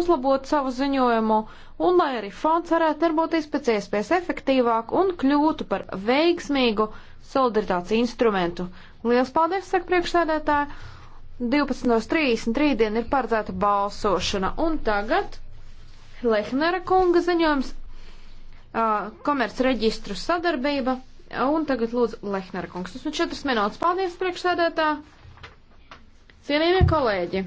uzlabot savu ziņojumu, un lai arī fonds varētu darboties pēc iespējas efektīvāk un kļūtu par veiksmīgu solidaritātes instrumentu. Lielas paldies, saka priekšsēdētāji! 12.30 rītdien ir paredzēta balsošana, un tagad Lehnera kunga ziņojums uh, komerc reģistru sadarbība, un tagad lūdzu Lehnera kungs. Tas ir 4 minūtes. Paldies, priekšsēdētāji! Cienījamie kolēģi!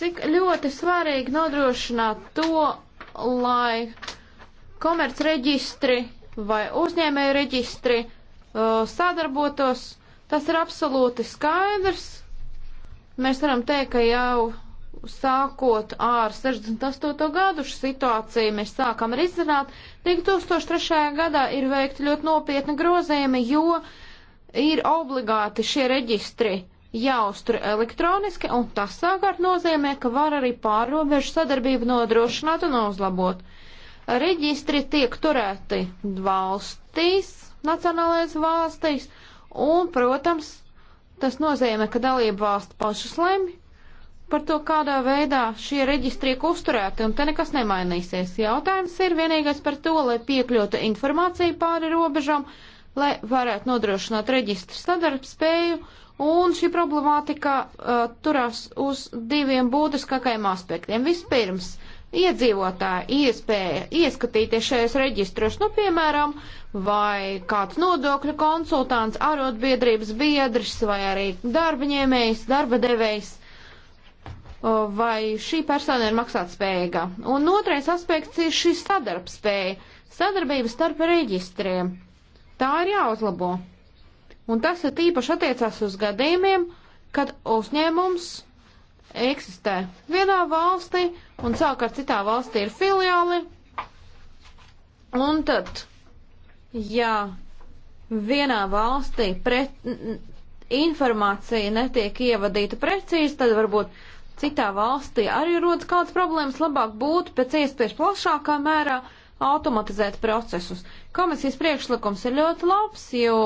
cik ļoti svarīgi nodrošināt to, lai komercreģistri vai uzņēmēju reģistri uh, sadarbotos. Tas ir absolūti skaidrs. Mēs varam teikt, ka jau sākot ar 68. gadu situāciju mēs sākam arī izzināt. 2003. gadā ir veikti ļoti nopietni grozījumi, jo ir obligāti šie reģistri jāuztur elektroniski, un tas savukārt nozīmē, ka var arī pārrobežu sadarbību nodrošināt un uzlabot. Reģistri tiek turēti valstīs, nacionālais valstīs, un, protams, tas nozīmē, ka dalība valsts pašas lemj par to, kādā veidā šie reģistri tiek uzturēti, un te nekas nemainīsies. Jautājums ir vienīgais par to, lai piekļūtu informāciju pāri robežām, uh, lai varētu nodrošināt reģistru sadarbspēju, un šī problemātika uh, turās uz diviem būtiskākajiem aspektiem. Vispirms, iedzīvotāja iespēja ieskatīties šajos reģistros, nu, piemēram, vai kāds nodokļu konsultants, arotbiedrības biedrs vai arī darbaņēmējs, darba devējs, vai šī persona ir maksātspējīga. Un otrais aspekts ir šī sadarbspēja, sadarbība starp reģistriem. Tā ir jāuzlabo. Un tas ir tīpaši attiecās uz gadījumiem, kad uzņēmums eksistē vienā valstī un savukārt citā valstī ir filiāli. Un tad, ja vienā valstī pret, informācija netiek ievadīta precīzi, tad varbūt citā valstī arī rodas kādas problēmas. Labāk būtu pēc iespējas plašākā mērā uh, automatizēt procesus. Komisijas priekšlikums ir ļoti labs, jo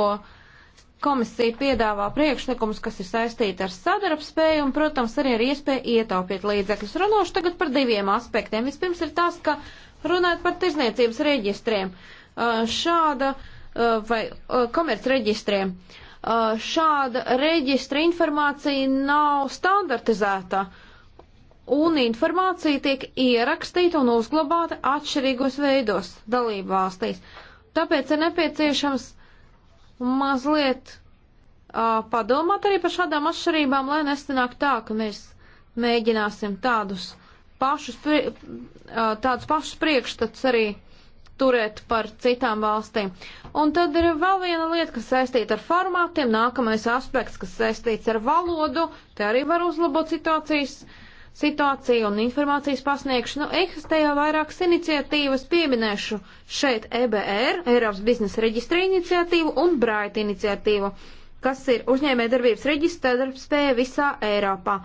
komisija piedāvā priekšlikumus, kas ir saistīti ar sadarbspēju un, protams, arī ar iespēju ietaupīt līdzekļus. Runāšu tagad par diviem aspektiem. Vispirms ir tas, ka runājot par tirzniecības reģistriem, uh, šāda uh, vai uh, komerc reģistriem, šāda reģistra informācija nav standartizēta. Uh, un informācija tiek ierakstīta un uzglabāta atšķirīgos veidos dalību valstīs. Tāpēc ir nepieciešams mazliet uh, padomāt arī par šādām atšķirībām, lai nestanāk tā, ka mēs mēģināsim tādus pašus, prie, uh, tādus pašus priekšstats arī turēt par citām valstīm. Un tad ir vēl viena lieta, kas saistīta ar formātiem, nākamais aspekts, kas saistīts ar valodu, te arī var uzlabot situācijas uh, situāciju un informācijas pasniegšanu. Eksistē jau vairākas iniciatīvas, pieminēšu šeit EBR, Eiropas biznesa reģistra iniciatīvu un Braita iniciatīvu, kas ir uzņēmē darbības reģistra darbspēja visā Eiropā.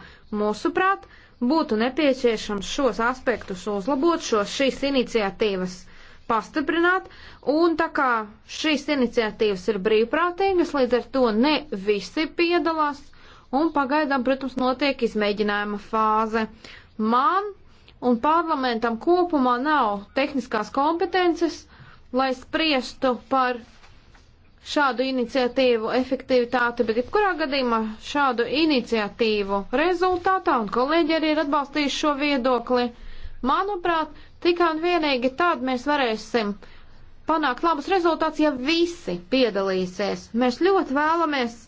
Mūsuprāt, būtu nepieciešams šos aspektus uzlabot, šos šīs iniciatīvas pastiprināt, un tā kā šīs iniciatīvas ir brīvprātīgas, līdz ar to ne visi piedalās un pagaidām, protams, notiek izmēģinājuma fāze. Man un parlamentam kopumā nav tehniskās kompetences, lai spriestu par šādu iniciatīvu efektivitāti, bet jebkurā gadījumā šādu iniciatīvu rezultātā, un kolēģi arī ir atbalstījuši šo viedokli, manuprāt, tikai un vienīgi tad mēs varēsim panākt labus rezultātus, ja visi piedalīsies. Mēs ļoti vēlamies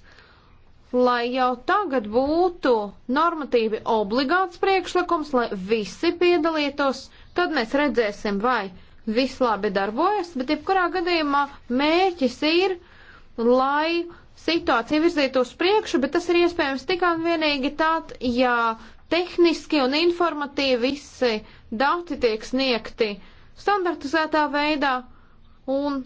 lai jau tagad būtu normatīvi obligāts priekšlikums, lai visi piedalītos, tad mēs redzēsim, vai viss labi darbojas, bet jebkurā gadījumā mērķis ir, lai situācija virzītos priekšu, bet tas ir iespējams tikai un vienīgi tād, ja tehniski un informatīvi visi dati tiek sniegti standartizētā veidā un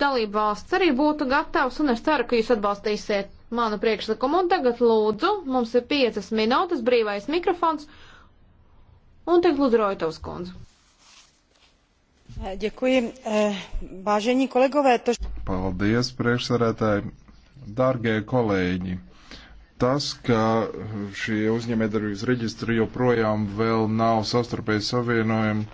dalība valsts arī būtu gatavs, un es ceru, ka jūs atbalstīsiet manu priekšlikumu. Un tagad lūdzu, mums ir piecas minūtes brīvais mikrofons, un tagad lūdzu Roitovs kundzu. Děkuji. Eh, Vážení eh, kolegové, to... Paldies, priekšsarētāji. Dārgie kolēģi, tas, ka šie uzņēmējdarbības reģistri joprojām vēl nav savstarpēji savienojami,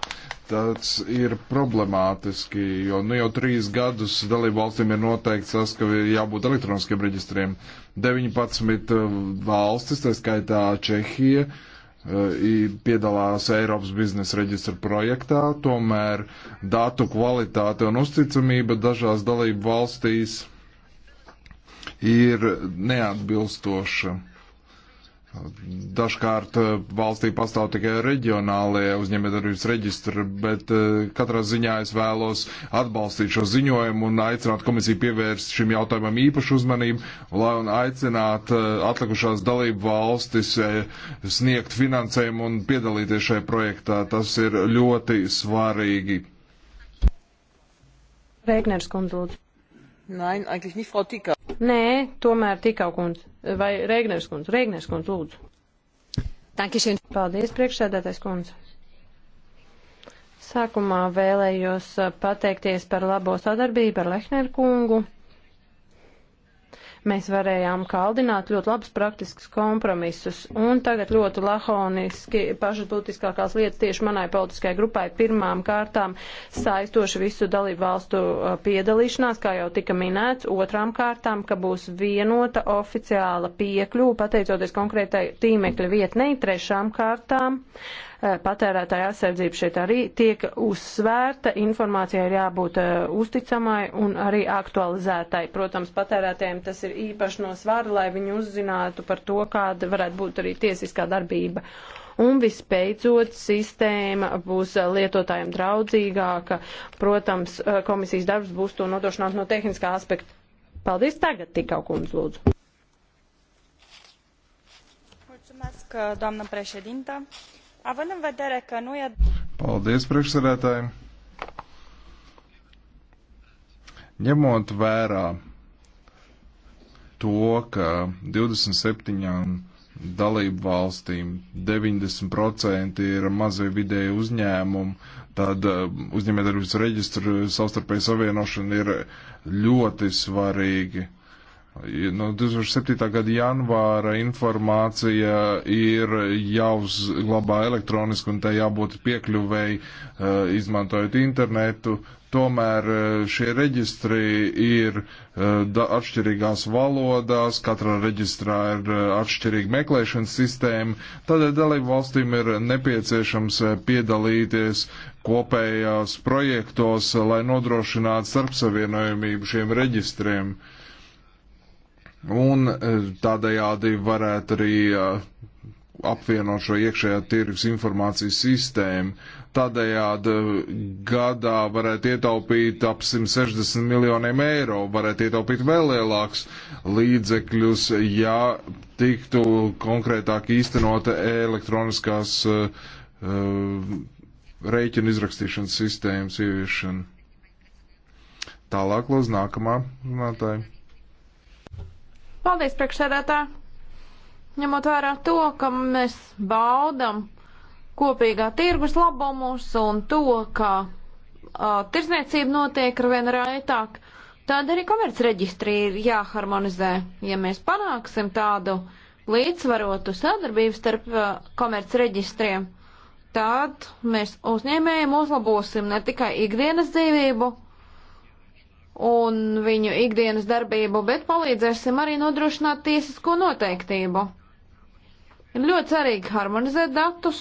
Tas ir problemātiski, jo nu, jau trīs gadus dalību valstīm ir noteikts tas, ka ir jābūt elektroniskiem reģistriem. 19 eh, valstis, tā skaitā Čehija, eh, piedalās Eiropas biznesa reģistra projektā, tomēr datu kvalitāte un uzticamība dažās dalību valstīs ir neatbilstoša. Dažkārt eh, valstī pastāv tikai reģionālie uzņēmējdarbības reģistri, bet eh, katrā ziņā es vēlos atbalstīt šo ziņojumu un aicināt komisiju pievērst šim jautājumam īpašu uzmanību un aicināt eh, atlikušās dalību valstis sniegt finansējumu un piedalīties šajā projektā. Tas ir ļoti svarīgi. Rēgners kundze. Nein, eigentlich nicht Frau Ticker. Nē, tomēr tikau kundz. Vai Rēgners kundz? Rēgners kundz, lūdzu. Dankišin. Paldies, priekšsēdētais kundz. Sākumā vēlējos uh, pateikties par labo sadarbību ar Lehner kungu. Mēs varējām kaldināt ļoti labus praktiskus kompromisus. Un tagad ļoti lahoniski pašas būtiskākās lietas tieši manai politiskajai grupai pirmām kārtām saistoši visu dalību valstu uh, piedalīšanās, kā jau tika minēts, otrām kārtām, ka būs vienota oficiāla piekļuva pateicoties konkrētai tīmekļa vietnei, trešām kārtām. Uh, Eh, patērētāja aizsardzība šeit arī tiek uzsvērta, informācija ir jābūt eh, uzticamai un arī aktualizētai. Protams, patērētājiem tas ir īpaši no svara, lai viņi uzzinātu par to, kāda varētu būt arī tiesiskā darbība un visbeidzot sistēma būs lietotājiem draudzīgāka. Protams, eh, komisijas darbs būs to nodrošināt no tehniskā aspekta. Paldies tagad, tikā kundz, lūdzu. Mulțumesc, doamnă președintă. Având în vedere că nu e... Paldies, priekšsēdētāji! Ņemot vērā to, ka 27 dalību valstīm 90% ir mazie vidēji uzņēmumi, tad eh, uzņēmējdarbības reģistru savstarpēji savienošana ir ļoti svarīgi. No nu, 2007. gada janvāra informācija ir jāuzglabā elektroniski un tai jābūt piekļuvēji, eh, izmantojot internetu. Tomēr eh, šie reģistri ir eh, atšķirīgās valodās, katrā reģistrā ir atšķirīga meklēšanas sistēma. Tādēļ dalību valstīm ir nepieciešams piedalīties kopējās projektos, lai nodrošinātu starpsavienojumību šiem reģistriem. Uh, Un e, tādējādi varētu arī e, apvienot šo iekšējā tirgus informācijas sistēmu. Tādējādi e, gadā varētu ietaupīt ap 160 miljoniem eiro, varētu ietaupīt vēl lielākus līdzekļus, ja tiktu konkrētāk īstenota elektroniskās uh, rēķina izrakstīšanas sistēmas ieviešana. Tālāk lūdzu nākamā runātāja. Paldies, priekšsēdētā! Ņemot vērā to, ka mēs baudam kopīgā tirgus labumus un to, ka uh, tirsniecība notiek ar vien raitāk, tad arī komercreģistri ir jāharmonizē. Ja mēs panāksim tādu līdzsvarotu sadarbību starp uh, komercreģistriem, tad mēs uzņēmējiem uzlabosim ne tikai ikdienas dzīvību, un viņu ikdienas darbību, bet palīdzēsim arī nodrošināt tiesisko noteiktību. Ir ļoti svarīgi harmonizēt datus,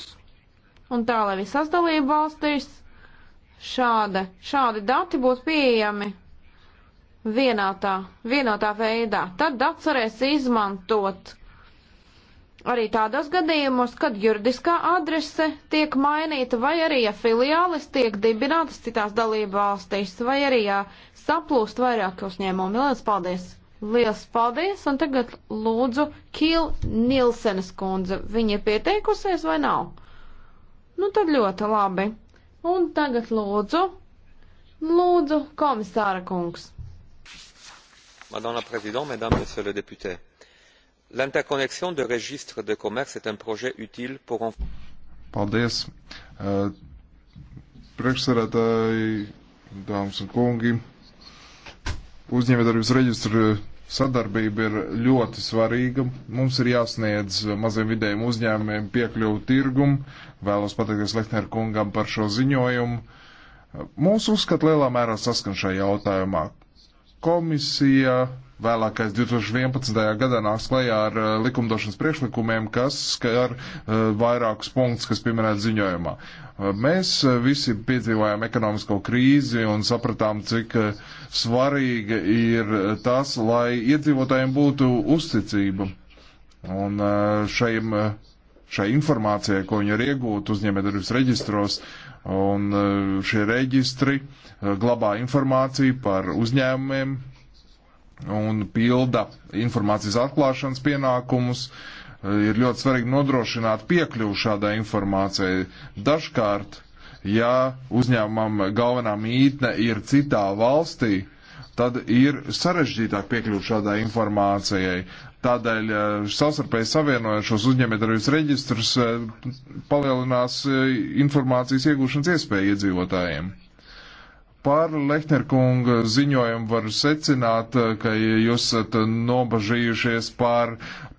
un tā, lai visās dalību valstīs šāda, šādi dati būtu pieejami vienotā, vienotā veidā. Tad dats varēs izmantot Arī tādos gadījumos, kad juridiskā adrese tiek mainīta, vai arī ja filiālis tiek dibinātas citās dalību valstīs, vai arī ja saplūst vairāki uzņēmumi. Lielas paldies! Lielas paldies! Un tagad lūdzu Kīl Nilsenes kundze. Viņa ir pieteikusies vai nav? Nu tad ļoti labi. Un tagad lūdzu, lūdzu komisāra kungs. Madame la Présidente, Mesdames, Messieurs les députés l'interconnexion des registres de commerce est un projet utile pour. Paldies. Uh, eh, Priekšsarētāji, dāmas un kungi, uzņēmējdarbības reģistra sadarbība ir ļoti svarīga. Mums ir jāsniedz maziem vidējiem uzņēmumiem piekļuvu tirgumu. Vēlos pateikties Lehner kungam par šo ziņojumu. Eh, Mūsu uzskat lielā mērā saskan šajā jautājumā. Komisija vēlākais 2011. gadā nāks klajā ar eh, likumdošanas priekšlikumiem, kas skar eh, vairākus punktus, kas pieminēt ziņojumā. Eh, mēs visi piedzīvājām ekonomisko krīzi un sapratām, cik svarīga ir tas, lai iedzīvotājiem būtu uzticība. Un šajiem, šai informācijai, ko viņi ir iegūti uzņēmējdarbības reģistros, un šie reģistri glabā informāciju par uzņēmumiem, un pilda informācijas atklāšanas pienākumus. Ir ļoti svarīgi nodrošināt piekļuvu šādai informācijai. Dažkārt, ja uzņēmumam galvenā mītne ir citā valstī, tad ir sarežģītāk piekļūt šādai informācijai. Tādēļ eh, savstarpēji savienojušos uzņēmējdarbības reģistrus eh, palielinās eh, informācijas iegūšanas iespēju iedzīvotājiem. Par Lehnerkunga ziņojumu var secināt, eh, ka jūs esat nobažījušies par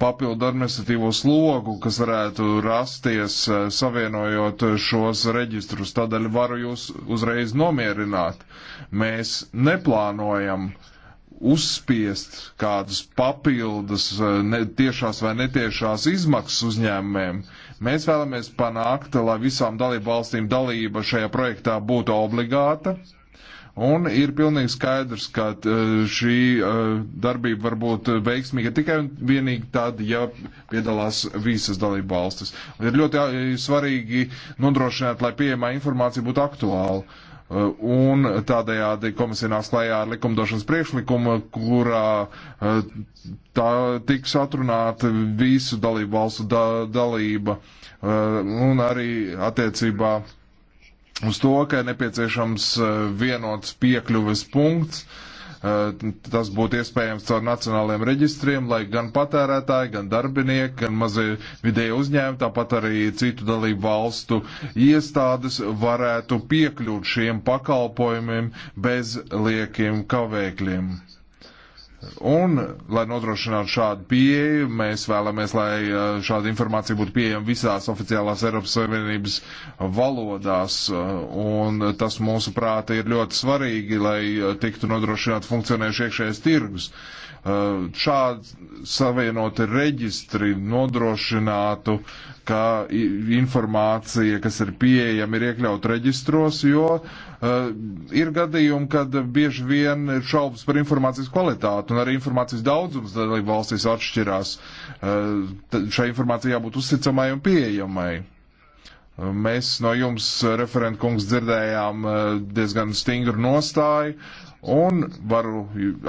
papildu administratīvo slogu, kas varētu rasties eh, savienojot šos reģistrus. Tādēļ varu jūs uzreiz nomierināt. Mēs neplānojam uzspiest kādus papildus eh, ne, tiešās vai netiešās izmaksas uzņēmumiem. Mēs vēlamies panākt, lai visām dalību valstīm dalība šajā projektā būtu obligāta Un ir pilnīgi skaidrs, ka eh, šī eh, darbība var būt veiksmīga tikai un vienīgi tad, ja piedalās visas dalību valstis. Ir ļoti eh, svarīgi nodrošināt, lai pieejamā informācija būtu aktuāla. Un tādējādi komisija nāks klajā ar likumdošanas priekšlikumu, kurā tā tiks atrunāta visu dalību valstu da dalība un arī attiecībā uz to, ka ir nepieciešams eh, vienots piekļuves punkts. Eh, tas būtu iespējams caur nacionāliem reģistriem, lai gan patērētāji, gan darbinieki, gan mazie vidēji uzņēmumi, tāpat arī citu dalību valstu iestādes varētu piekļūt šiem pakalpojumiem bez liekiem kavēkļiem. Un, lai nodrošinātu šādu pieeju, mēs vēlamies, lai uh, šāda informācija būtu pieejama visās oficiālās Eiropas Savienības valodās. Uh, un tas, mūsuprāt, ir ļoti svarīgi, lai uh, tiktu nodrošināt funkcionējuši iekšējais tirgus. Šādi savienoti reģistri nodrošinātu, ka informācija, kas ir pieejama, ir iekļaut reģistros, jo ir gadījumi, kad bieži vien ir šaubas par informācijas kvalitātu un arī informācijas daudzums dalību valstīs atšķirās. Eh, šai informācijai jābūt uzticamai un pieejamai. Eh, mēs no jums, eh, referent kungs, dzirdējām diezgan stingru nostāju, un varu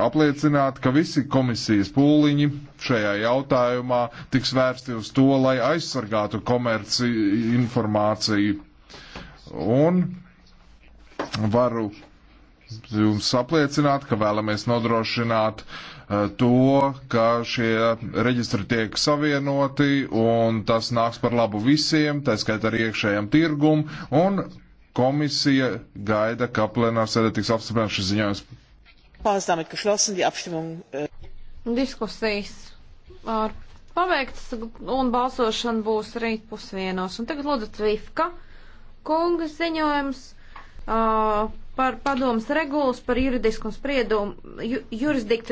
apliecināt, ka visi komisijas pūliņi šajā jautājumā tiks vērsti uz to, lai aizsargātu komerci informāciju. Un varu jums apliecināt, ka vēlamies nodrošināt eh, to, ka šie reģistri tiek savienoti un tas nāks par labu visiem, tā skaitā arī iekšējam tirgum, un komisija gaida, ka plenārs sēdē tiks apstiprināts šis ziņojums. Eh, Diskusijas ar paveikts un balsošana būs rīt pusvienos. Un tagad lūdzu Tvifka kungas ziņojums. Uh, par padomas regulas par juridisku spriedumu, ju, jurisdikciju